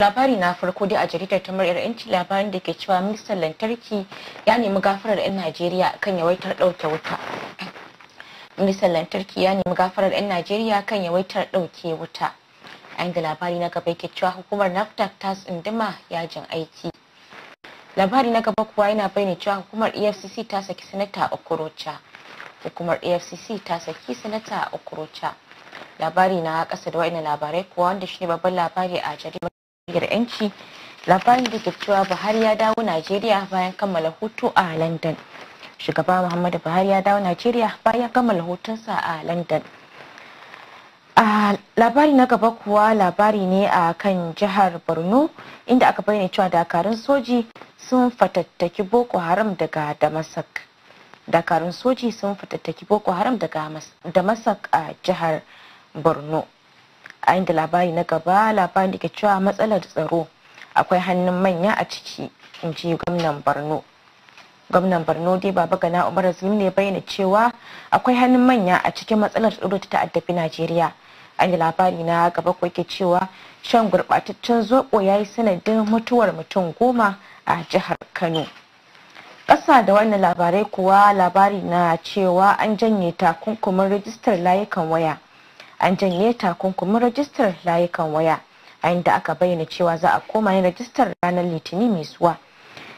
labari na farko dai a jaridar ta muryar yanci labarin da ke cewa ministan lantarki ya nemi gafarar 'yan najeriya kan yawaitar ɗauke wuta ministan lantarki ya nemi gafarar 'yan najeriya kan yawaitar ɗauke wuta a da labari na gaba ke cewa hukumar naftac ta tsunduma yajin aiki labari na gaba kuwa yana bayyana cewa hukumar efcc ta saki sanata okorocha hukumar efcc ta saki sanata okorocha labari na ƙasa da wa'ina labarai kuwa wanda shi ne babban labari a jaridar da 'yanci labarin da ke cewa buhari ya dawo najeriya bayan kammala hutu a london shugaba muhammadu buhari ya dawo najeriya bayan kammala hutunsa a london labari na gaba kuwa labari ne a kan jihar borno inda aka bayyana cewa dakarun soji sun fatattaki boko haram daga damasak dakarun soji sun fatattaki boko haram daga damasak a jihar borno a inda labari na gaba labarin da ke cewa matsalar tsaro akwai hannun manya a ciki in ji gwamnan borno gwamnan borno dai baba gana umar zulum ne bayyana cewa akwai hannun manya a cikin matsalar tsaro ta ta'addafi najeriya an yi labari na gaba ko ke cewa shan gurɓataccen zoɓo ya yi sanadin mutuwar mutum goma a jihar kano ƙasa da wannan labarai kuwa labari na cewa an janye takunkumin rijistar layukan waya an janye takunkumin rajistar layukan waya a inda aka bayyana cewa za a koma yin rajistar ranar litinin mai zuwa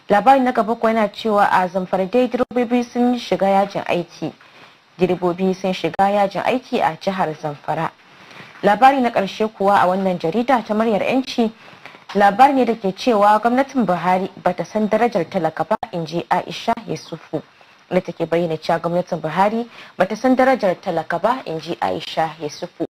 labarin na gaba kuwa yana cewa a zamfara dai direbobi sun shiga yajin aiki direbobi sun shiga yajin aiki a jihar zamfara labari na karshe kuwa a wannan jarida ta muryar 'yanci labari ne da ke cewa gwamnatin buhari bata san darajar talaka ba in ji aisha yusufu da take bayyana cewa gwamnatin buhari bata san darajar talaka ba in ji aisha yusufu